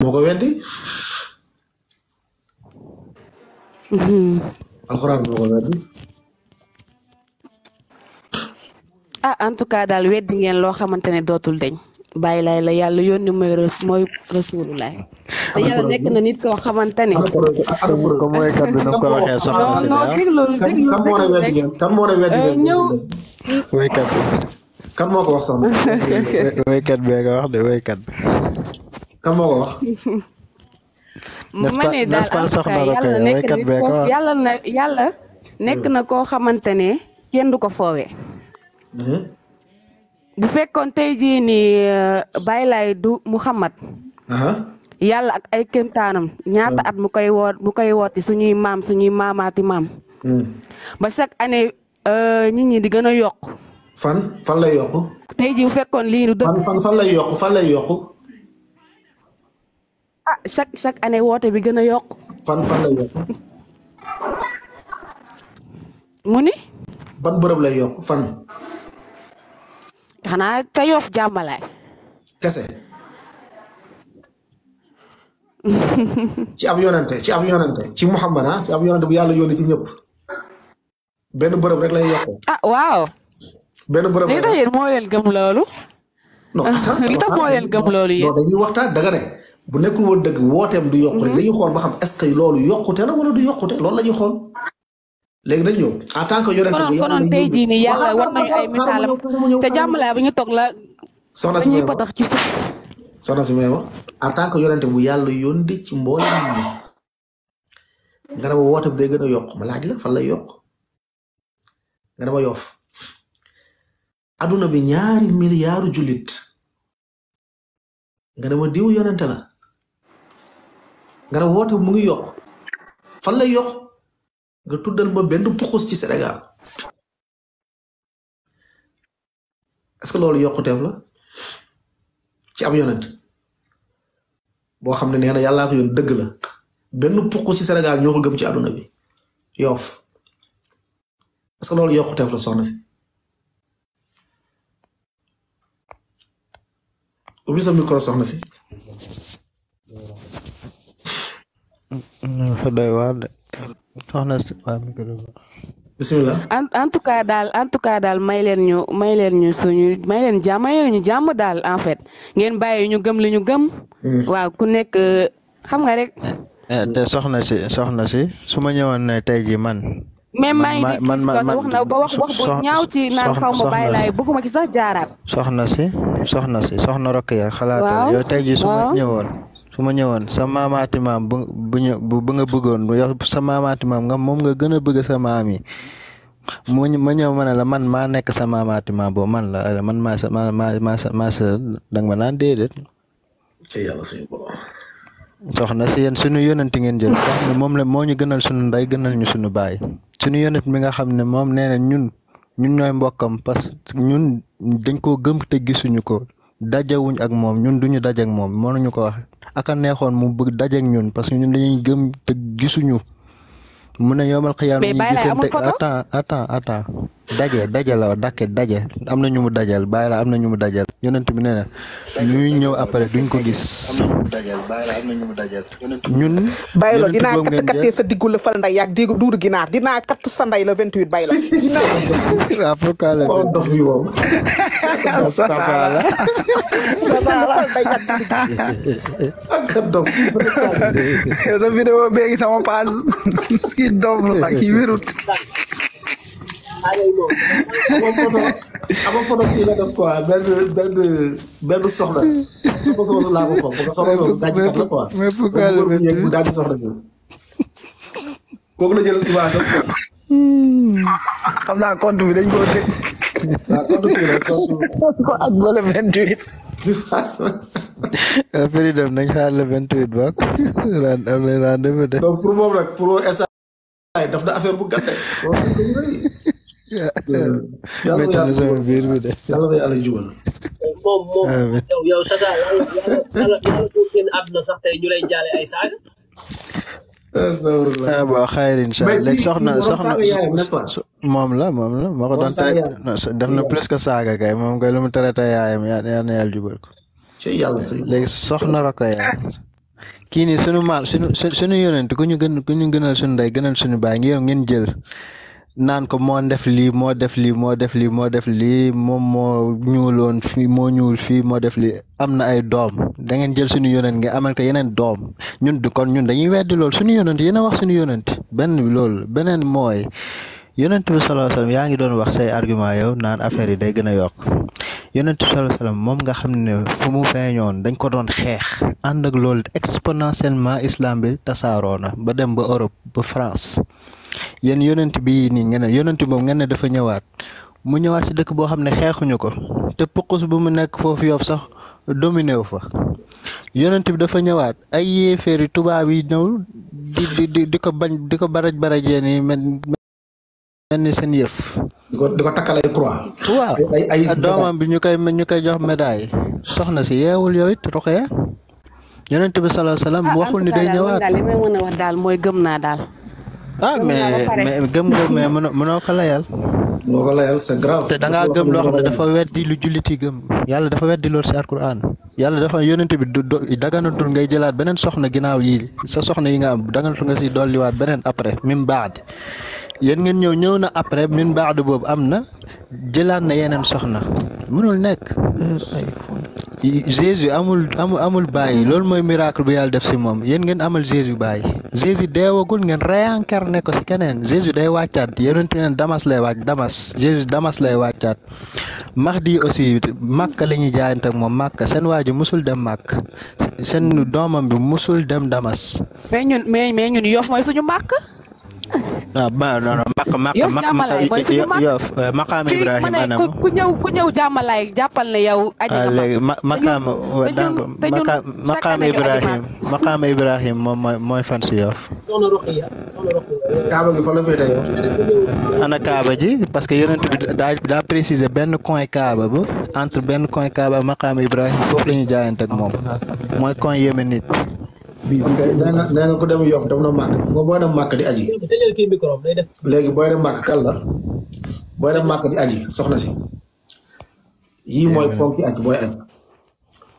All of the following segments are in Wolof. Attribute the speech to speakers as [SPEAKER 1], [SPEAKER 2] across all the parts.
[SPEAKER 1] moo
[SPEAKER 2] mm-hmm. ah, en tout cas daal weddi ngeen loo xamante ne dootul deñ bàyyi laay la yàlla yónni mooy res mooy rasulullah te nit xamante ne.
[SPEAKER 3] ko waxee soxna si non
[SPEAKER 2] déglu déglu déglu
[SPEAKER 3] euh, wax de wéykat kan moo ko wax.
[SPEAKER 2] ma ne daal en tout cas yàlla nekk na koo xamante ne kenn du ko foowe mhm. bu fekkoon tey jii nii euh, Baye Laye du Muhammad. yàlla ak ay kéemtaanam ñaata ah. at mu koy woo mu suñuy maam suñuy maamaati maam. Hmm. ba chaque année euh, nit ñi di gën a yokk. fan fan lay yokk. tey jii fekkoon lii du fan fan lay yokk ah chaque chaque année woote bi gën a yokk.
[SPEAKER 1] fan fan lay yokk. mu ni. ban bërëb lay yokk fan.
[SPEAKER 2] xanaa ka yoof jàmbalaay.
[SPEAKER 1] kese. ci ab yonante ci ab ci Muhammad ah ci bu yàlla yónni ci benn bërëb rek lay yokk. ah waaw. benn bërëb li tax
[SPEAKER 2] yéen moo leen gëm loolu. li tax moo leen gëm loolu yéen.
[SPEAKER 1] non dañuy ne. bu nekkul woon dëgg wooteem du yokku rek mhm. dañuy xool ba xam est ce que loolu yokkute la yokkute loolu la ñuy xool léegi dañu ñëw en tant que yonent bi konoon tey
[SPEAKER 2] nii yàlla war nañu ay misaalam te jàmm laa bi ñu toog la soxna si may wax ci suuf
[SPEAKER 1] soxna si may wax en tant que yonent bu yàlla yóndi ci mbooleem nga ma day gën a yokk laaj la fan lay yokk nga ne ma yof aduna bi ñaari miliyaaru julit nga ne ma diw yonent la nga ne woote mu ngi yokk fan lay yokk nga tuddal ma benn puxus ci Sénégal que loolu yokkuteef la ci am yonent boo xam ne nee na yàllaa ko yoon dëgg la benn puxus ci Sénégal ñoo ko gëm ci àdduna bi yoof est-ce que loolu yokkuteef la soxna si ubbi sa micro soxna
[SPEAKER 3] si dafa doy waar de soxna si waaw mi ko doy
[SPEAKER 2] en tout cas daal en may leen ñu may leen ñu suñu may leen jàmm may daal en fait ngeen bàyyi ñu gëm lañu ñu mm. waaw ku nekk xam nga rek.
[SPEAKER 3] Eh, te soxna si soxna si su ma ñëwoon ne tey jii man.
[SPEAKER 2] même maa ngi di gis wax wax wax ñaaw ci naan xaw ma bàyyi laay bëgguma ci sax jaaraat.
[SPEAKER 3] soxna si soxna si soxna Rokhaya. waaw xalaat yow tey jii ñëwoon. su ma ñëwoon sa maamaati maam bu bu bu nga bëggoon yow maam nga moom nga gën a bëgg sa maam yi mu ma ñëw ma la man maa nekk sa maam boobu man la man maa sa maa maa sa maa sa da nga ma naan déedéet. ci si yéen suñu yonent ngeen moom la moo ñu gënal suñu ndey gënal ñu suñu baay suñu yonent mi nga xam ne moom nee na ñun ñun ñooy mbokkam parce que ñun dañ koo gëm te gisuñu ko. dajewuñ ak moom ñun duñu daje ak moom ñu ko wax aka neexoon mu bëgg daje ñun parce que ñun dañuy gëm te gisuñu mu ne yomal xiyaam. mais Baye Laye amul photo attends attends attends dajé dajé la daké dajé amna ñu mu dajal bàyyi la am ñu mu dajal yonent bi nee ñu ñuy ñëw après duñ ko gis ñun bàyyi la dinaa katt kattee
[SPEAKER 1] sa diggu la fal nday yaag digu duur ginaar dinaa katt sa nday la 28 bàyyi la
[SPEAKER 3] waaw pourquoi la dof bi wow sasala la fal nday yaag digu ak dof
[SPEAKER 2] sa vidéo beegi sama page ski dof la ki wirut
[SPEAKER 4] ama
[SPEAKER 1] photo xam naa compte bi dañ koo tëj. waaw ah, ko ak ba le vingt huit.
[SPEAKER 3] dem nañ xaar le vingt ba am nañ rendez
[SPEAKER 1] pour moom daf na affaire bu gàtt.
[SPEAKER 3] yàlla ko yàlla sama biir bi de yàlla ko yàlla jubal
[SPEAKER 4] moom moom sax tey ñu lay jaale saaga
[SPEAKER 3] ah la moom la moo ko doon tere def na plus que saaga kay moom kay lu mu traité yaayam yaa na yàlla jubal ko léegi soxna Rokhaya kii sunu maam sunu sunu yonent ku ñu gën ñu gënal sunu ndey gënal sunu baay ngeen ngeen jël naan ko moo def lii moo def lii moo def lii moo def lii moom moo ñuuloon fii moo ñuul fii moo def lii am na ay doom da ngeen jël suñu yonent nga amal ko yeneen doom ñun du kon ñun dañuy weddi lool suñu yonent yéen a wax suñu yonent benn lool beneen mooy yonent bi sallallahu alayhi yaa ngi doon wax say argument yow naan affaire yi day gën a yokk yonent bi sallallahu alayhi moom nga xam ne fu mu feeñoon dañ ko doon xeex ànd ak loolu exponentiellement islam bi tasaaroo na ba dem ba Europe ba France yen yonent bi ni ngeen yonent mom ngeen dafa ñewat mu ñewat ci dekk bo xamne ne xeexuñu ko te pukus bu mu nek fofu yof sax dominé wu fa yonent bi dafa ñewat ay yéeféeri tuba yi ñew di di di di ko bañ di ko baraj barajee nii men ni seen yëf.
[SPEAKER 1] di diko di ko croix. wa ay doomam
[SPEAKER 3] bi ñukay ñukay jox médaille soxna ci yewul yoy it yonent bi alayhi wasallam ah, waxul ni day ñewat dal limay
[SPEAKER 2] mëna wax dal moy gëm naa ah mais mais
[SPEAKER 3] gëm mais mënoo mënoo ko layal. mënoo ko layal c'est te da ngaa gëm loo xam ne dafa weddi lu jullit yi gëm yàlla dafa weddi loolu si alquran yàlla dafa yónent bi du daganatul ngay jëlaat beneen soxna ginnaaw yi sa soxna yi nga am daganatul nga si dolliwaat beneen après min baad yéen ngeen ñëw ñëw na après min baad boobu am na jëlaat na yeneen soxna mënul nekk. Jésus amul amul amul bàyyi loolu mooy miracle bu yàlla def si moom yéen ngeen amal Jésus baay Jésus deewagul ngeen réincarné ko si keneen Jésus day wàccaat yonent neen Damas lay wàcc Damas Jésus Damas lay wàccaat di aussi Màkka lañuy ñuy jaayante moom Màkka seen waa ji musul dem Màkk seen doomam bi musul dem Damas.
[SPEAKER 2] mais ñun mais mooy suñu Màkk.
[SPEAKER 3] ah ba non non Maka Maka. Yoff jàmmalaay mooy suñu mag Yoff eh, Makaama Ibrahima anam fii
[SPEAKER 2] ku yow. Ah,
[SPEAKER 3] ma Makaama. te ñun Makaama Ibrahima Makaama Ibrahima moom mooy mooy fan si ana Kaaba ji parce que yonent bi daa daa benn coin Kaaba ba entre benn coin Kaaba Makaama Ibrahima foofu la ñuy moom mooy coin yéeme bii ok nee nga dem Yoff na màkk nga booy dem màkk di aji.
[SPEAKER 1] léegi booy dem màkk kan la booy dem di aji soxna si. yii mooy ponk ci aj booy aj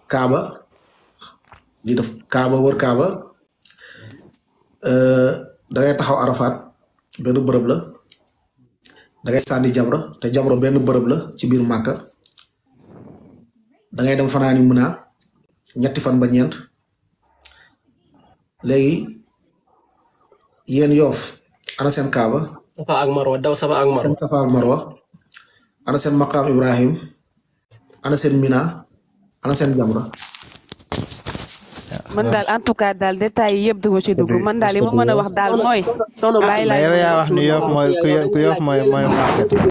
[SPEAKER 1] Kaaba di def Kaaba wër Kaaba euh, da ngay taxaw Arafat benn bërëb la da ngay sànni te jamra benn bërëb la ci biir màkk dangay dem fanaani Mina ñetti fan ba ñeent. léegi yéen yoof ana seen kaaba. safa ak marwa safa ak marwa seen seen maqaam Ibrahim. ana seen mina ana seen jamra man daal
[SPEAKER 2] en tout cas daal détails yi yëpp dugg ci dugg man daal li ma mën wax daal mooy. bàyyi laa yow yoof mooy ku yoof mooy mooy màkket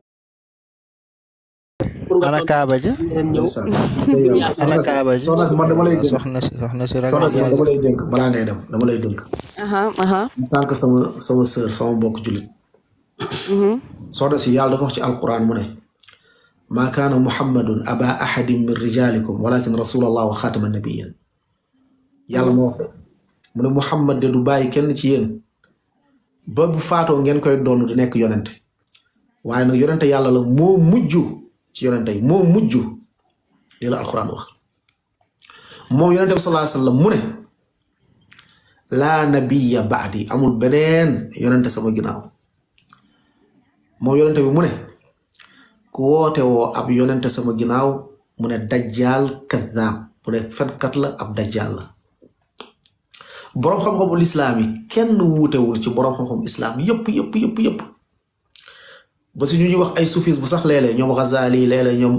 [SPEAKER 2] ana Kaaba ja ana
[SPEAKER 1] Kaaba ja soxna si man dama lay dénk
[SPEAKER 3] soxna si soxna si ragal soxna si man dama lay dénk
[SPEAKER 1] balaa ngay dem dama lay dénk.
[SPEAKER 2] en
[SPEAKER 1] tant que sama sama sœur sama mbokk jullit. Mm-hmm. soxna si yàlla dafa wax ci alquran mu ne. maa kaana muhammadun aba ahadin min rijalikum walakin rasulallah wa xaatama nabiyin yàlla moo wax de mu ne muhammad de du bàyyi kenn ci yéen. ba bu faatoo ngeen koy doon di nekk yonente waaye nag yonente la moo mujj. ci yonente yi moo mujj lii la alxuraan wax moom yonente bi sallallahu alayhi mu ne laa nabiya baadi amul beneen yonente sama ginnaaw moom yonente bi mu ku woote woo ab yonente sama ginnaaw mu ne dajjaal kaddaab mu ne fenkat la ab dajjaal la boroom xam-xamu lislaam yi kenn wuutewul ci boroom xam-xam islaam yëpp yëpp yëpp yëpp ba si ñu ñuy wax ay soufis bu sax léeg-léeg ñoom Ghazali léeg-léeg ñoom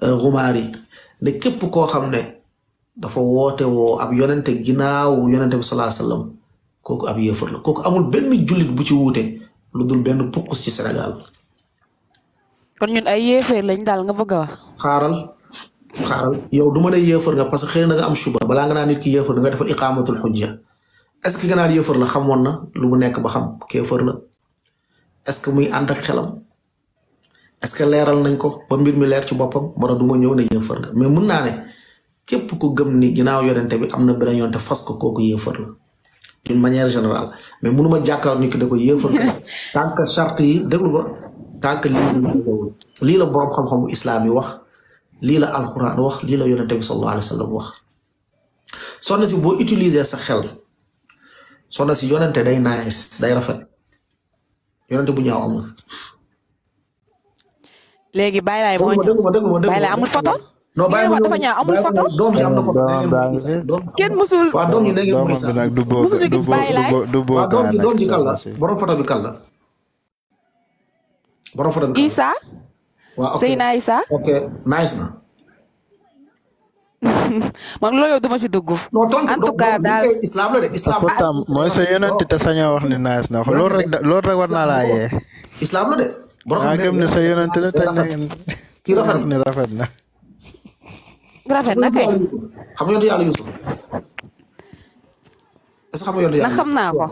[SPEAKER 1] Ghumari euh, ne képp koo xam ne dafa woote wo ab yonente ginnaaw yonente bi salaa sallam kooku ab yéefar kooku amul benn jullit bu ci wuute lu dul benn pukkus ci Sénégal.
[SPEAKER 2] kon ñun ay yéefar lañ daal nga bëgg a wax.
[SPEAKER 1] xaaral xaaral yow du ma ne yéefar nga parce que xëy nga am suba balaa nga naan nit ki yéefar nga defal iqaamatul xujja est-ce que nga naan yéefar la xamoon na lu mu nekk ba xam kéefar la est-ce que muy ànd ak xelam. est-ce que leeral nañ ko ba mbir mi leer ci boppam moo tax du ma ñëw ne yéefar nga mais mun naa ne képp ku gëm ni ginnaaw yonente bi am na beneen yonente fas ko kooku yéefar la d'une manière générale mais mënuma jàkkaar ni ki da ko yéefar nga tant que charte yi déglu ba tant que lii lii la boroom xam-xamu islaam yi wax lii la alxuraan wax lii la yonente bi sallallahu alayhi wa sallam wax soxna si boo utiliser sa xel soxna si yonente day nice day rafet yonente bu ñaaw amul
[SPEAKER 2] léegi bàyyi laay moo ñëw bàyyi amul photo. non dafa musul waaw musul gis bàyyi laay waaw doom ji doom ji kan man loolu duma ci dugg. en tout cas daal islam la de islam. mooy sa naa
[SPEAKER 3] laa
[SPEAKER 1] islam la de. bu rafet gëm ne sa yonent la kii rafet
[SPEAKER 3] na rafet na.
[SPEAKER 2] rafet na kay.
[SPEAKER 1] xam nga yonent yàlla Yusuf est ce que xam nga yonent xam naa ko.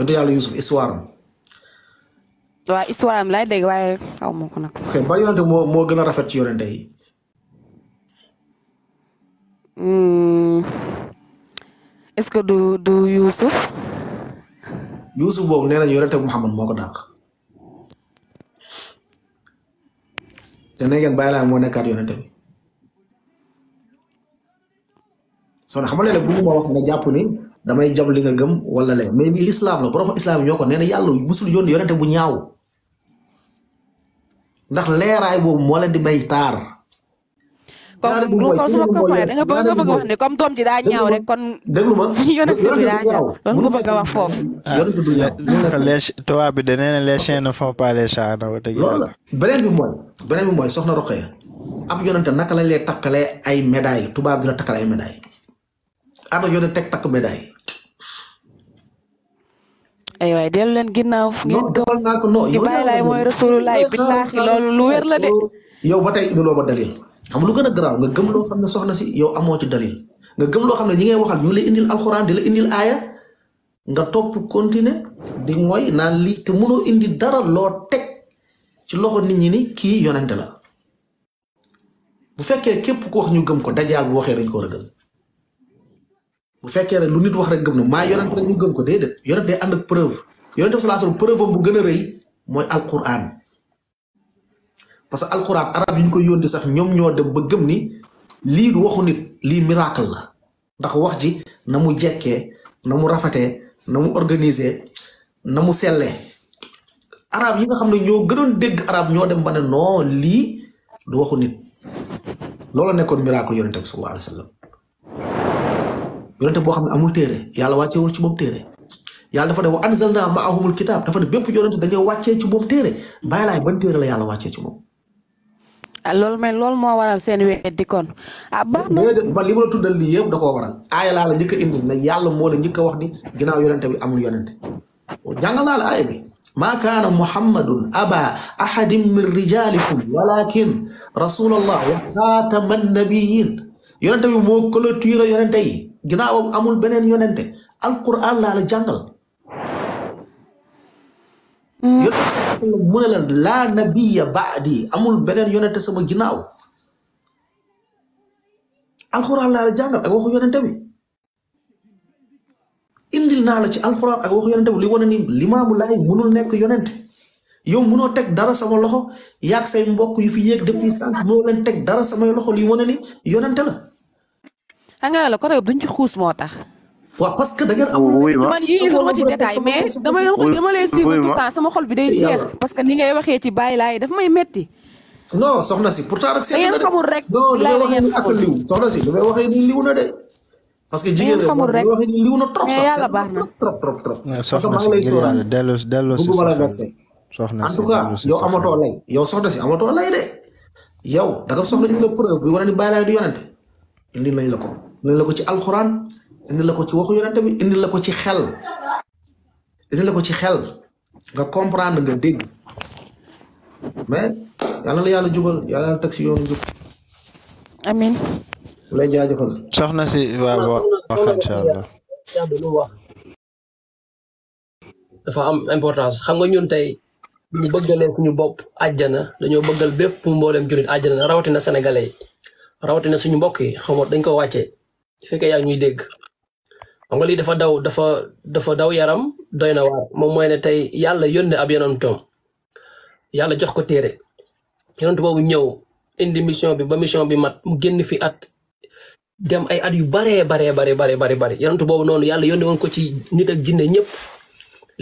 [SPEAKER 1] yonent Yusuf histoire am.
[SPEAKER 2] waaw histoire am laay dégg waaye xaw ma ko nag.
[SPEAKER 1] ok ba yonent moo moo gën a rafet ci yonent yi.
[SPEAKER 2] Hmm. ce que du du Yusuf.
[SPEAKER 1] Yusuf boobu nee nañu yonent Muhammad moo ko dàq. te na ngeen bàyyi moo nekkaat yonente bi soo xam nga léeg-léeg bu ma wax nga jàpp ni damay jab li nga gëm wala léegi mais ni lislaam la borom islam ñoo ko nee na yàlla musul yónni yonente bu ñaaw ndax leeraay boobu moo leen di bay taar.
[SPEAKER 2] comme comme sama copain da nga doom ji daa ñaaw rek kon. déglu ma yonent bi daa ñaaw loolu nga bëgg a wax foofu.
[SPEAKER 3] tubaab bi da nee na les chiens ne font pas les chats. loolu beneen bi mooy beneen
[SPEAKER 1] ay médailles tubaab dina takkale ay médailles ana yonent teg takk médailles.
[SPEAKER 2] leen ginnaaw fu ngeen gëm di bàyyi laay mooy rasulullah billaahi lu wér la de.
[SPEAKER 1] yow ba tey indiloo ma dalil. xam lu gëna graw nga gëm lo xamne soxna ci yow amo ci dalil nga gëm lo xamne ñi ngay waxal ñu lay indil alxuraan di la indil aya nga top continue di moy naan li te mëno indi dara lo tek ci loxo nit ñi ni ki yonent la bu fekke kep ko wax ñu gëm ko dajal bu waxe dañ ko war bu fekke lu nit wax rek gëm na ma yonent rek ñu gëm ko dedet yonent day and ak preuve sallallahu bi wasallam preuve bu gëna a moy alquran parce que alxuraan arab yi ñu ko yónni sax ñoom ñoo dem ba gëm ni lii du waxu nit lii miracle la ndax wax ji na mu jekkee na mu rafetee na mu organisé na mu sellee arab yi nga xam ne ñoo gënoon dégg arab ñoo dem ba ne non lii du waxu nit loolu nekkoon miracle yonente bi sallallahu alayhi wa sallam yonente boo xam ne amul téere yàlla wàccewul ci moom téere yàlla dafa ne wa anzalna maahumul kitaab dafa ne bépp yonente dañoo wàccee ci moom téere bàyyi laay ban téere la yàlla wàccee ci moom
[SPEAKER 2] lol mais lol mo waral sen weddi kon
[SPEAKER 1] ah baax na man li ma la tuddal lii yëpp da waral ay la la njëkk indi na yàlla mo la njëkk wax ni ginaaw yonente bi amul yonente jàngal na la ay bi ما كان محمد أبا أحد من رجالكم ولكن رسول الله وخاتم النبيين يونتي مو كل تيرا يونتي جناو أمول بنين يونتي القرآن لا جنگل Mm. yonent sallallahu alayhi wa sallam la laa nabiya baadi amul beneen yonent sama ginnaaw alxuraan laa la jàngal ak waxu yonent indil naa la ci alxuraan ak waxu yonent bi li wane ni limaamu laay mënul nekk yonent yow mënoo teg dara sama loxo yaag say mbokk yu fi yéeg depuis sànq mënoo leen teg dara samay loxo li wane
[SPEAKER 2] ni yonent la. ko nga la côté moo tax.
[SPEAKER 1] waaw parce que da ngeen am. wuy ma man
[SPEAKER 2] bi parce que ni ngay waxee ci bàyyi laay daf may metti
[SPEAKER 1] non soxna si pourtant rek. seetlu na de xamul rek laa si li may waxee nii liw na de. parce que jigéen ñi xamul rek
[SPEAKER 2] li na trop trop trop
[SPEAKER 1] trop. si ngir si soxna si en tout cas yow amatoo lay yow soxna si amatoo lay de. yow da nga soxla la preuve bi war a ni bàyyi laay du yonante indi nañ la ko nañ la ko ci alxuraan indi la ko ci waxu yonent bi indi la ko ci xel indi la ko ci xel nga comprendre nga deg mais yalla la yalla jubal yalla la taxi si yoonu jub
[SPEAKER 2] amin lay
[SPEAKER 1] jaajëfal soxna ci wa wa
[SPEAKER 2] insha allah
[SPEAKER 4] dafa am importance xam nga ñun tay ñu bëggalee suñu bop aljana dañu bëggal bëpp mboolem jurit rawati na sénégalais rawati na suñu mbokk yi xamoot dañ ko wacce fekk yaa ñuy dégg xam nga lii dafa daw dafa dafa daw yaram doy na waar moom mooy ne tey yàlla yónne ab yonentoom yàlla jox ko téere yonent boobu ñëw indi mission bi ba mission bi mat mu génn fi at dem ay at yu baree baree bare bare bare bare yonent boobu noonu yàlla yónne woon ko ci nit ak jinne ñëpp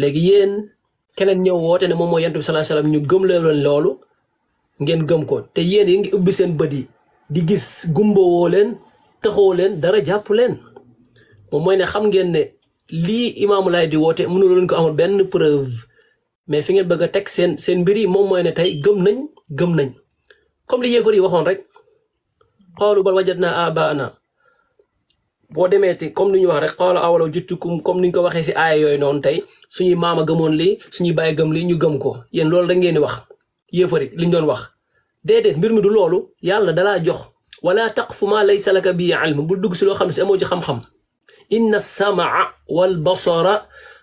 [SPEAKER 4] léegi yéen keneen ñëw woote ne moom mooy yonent bi salaa salaam ñu gëm leen loolu ngeen gëm ko te yéen yi ngi ubbi seen bët yi di gis gumbawoo leen taxoo leen dara jàpp leen moom mooy ne xam ngeen ne lii Imaamu Laay di woote mënu leen ko amul benn preuve mais fi ngeen bëgg a teg seen seen mbir yi moom mooy ne tey gëm nañ gëm nañ comme li yéefar yi waxoon rek xawlu bal wajadna abaana boo demee te comme ni ñu wax rek xawla awalaw juttukum comme ni ñu ko waxee si aaya yooyu noonu tey suñuy maama gëmoon lii suñuy bàyyi gëm lii ñu gëm ko yéen loolu da ngeen di wax yéefar yi doon wax déedéet mbir mi du loolu yàlla dalaa jox wala taqfu maa laysa laka bi ilm bu dugg si loo xam ne si amoo ji xam-xam إن السمع والبصر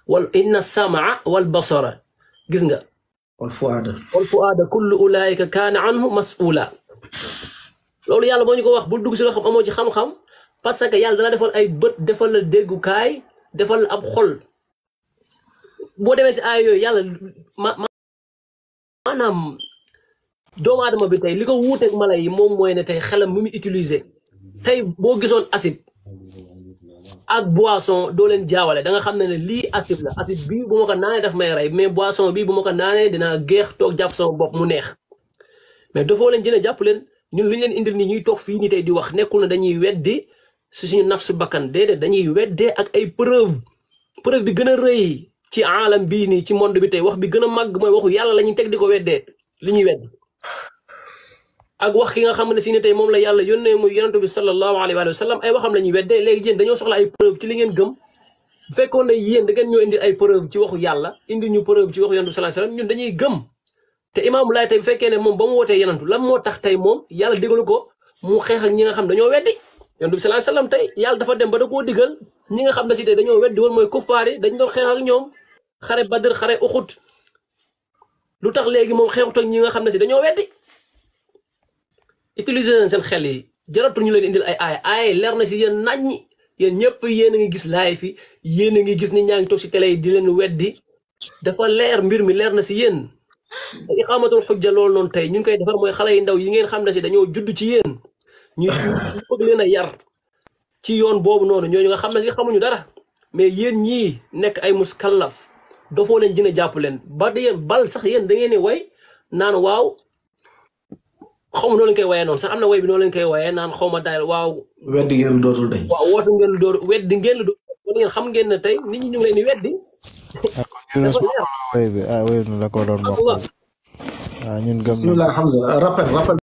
[SPEAKER 4] وال... إن السمع والبصر جزنجا والفؤاد والفؤاد كل أولئك كان عنه مسؤولا loolu yàlla boo ñu ko wax bul dugg si loo xam amoo ci xam-xam parce que yàlla dana defal ay bët defal la déggukaay defal la ab xol boo demee si ay yooyu yàlla ma maanaam doomu aadama bi tey li ko wuuteeg mala yi moom mooy ne tey xelam mu mu utiliser tey boo gisoon acide ak boisson doo leen jaawale da nga xam ne ne lii acide la acide bii bu ma ko naanee daf may rey mais boisson bii bu ma ko naanee dinaa geex toog jàpp sama bopp mu neex mais dafoo leen a jàpp leen ñun lu ñu leen indil nii ñuy toog fii nii tey di wax nekkul ne dañuy weddi si suñu naf su bakkan déedéet dañuy weddee ak ay preuve preuve bi gën a rëy ci alam bii nii ci monde bi tey wax bi gën a màgg mooy waxu yàlla la ñuy teg di ko weddee li ñuy wedd ak wax ki nga xam ne si ne tey moom la yàlla yónnee muy yonent bi sallallahu alayhi wa sallam ay waxam la ñuy weddee léegi yéen dañoo soxla ay preuve ci li ngeen gëm bu fekkoon ne yéen da ngeen ñoo indi ay preuve yàlla indi ñu preuve ci waxu yonent bi sallallahu alayhi wa sallam ñun dañuy gëm te imaam laay tey bu fekkee ne moom ba mu wootee yonent lan moo tax tey moom yàlla digalu ko mu xeex ak ñi nga xam dañoo weddi yonent bi sallallahu alayhi wa tey yàlla dafa dem ba da koo digal ñi nga xam ne si tey dañoo weddi woon mooy kuffaar yi dañ doon xeex ak ñoom xare badr xare uxut lu tax léegi moom xeexut ak ñi nga xam ne si dañoo weddi utiliser leen seen xel yi jaratul ñu leen indil ay aay leer na si yéen naññi yéen ñëpp yéen a ngi gis live yi yéen a ngi gis ni ñaa ngi toog si tele yi di leen weddi dafa leer mbir mi leer na si yéen iqaamatul xujja loolu noonu tey ñu ngi koy defar mooy xale yi ndaw yi ngeen xam si dañoo judd ci yéen ñu bëgg leen a yar ci yoon boobu noonu ñoo ñooñu nga xam na si xamuñu dara mais yéen ñii nekk ay muskallaf dofoo leen dina jàpp leen ba yéen bal sax yéen da ngeen ne way naan waaw xaw ma noo leen koy wayee noonu sax am na way bi noo leen koy wayee naan xaw ma daal waaw. weddi ngeen lu dootul day. waaw woote ngeen lu dootul xam ngeen ne tey ni ñi ñu ngi leen di weddi.
[SPEAKER 3] Ah, way bi ah way bi la ko doon wax.
[SPEAKER 4] waaw ah, ñun gëm nañu. bisimilah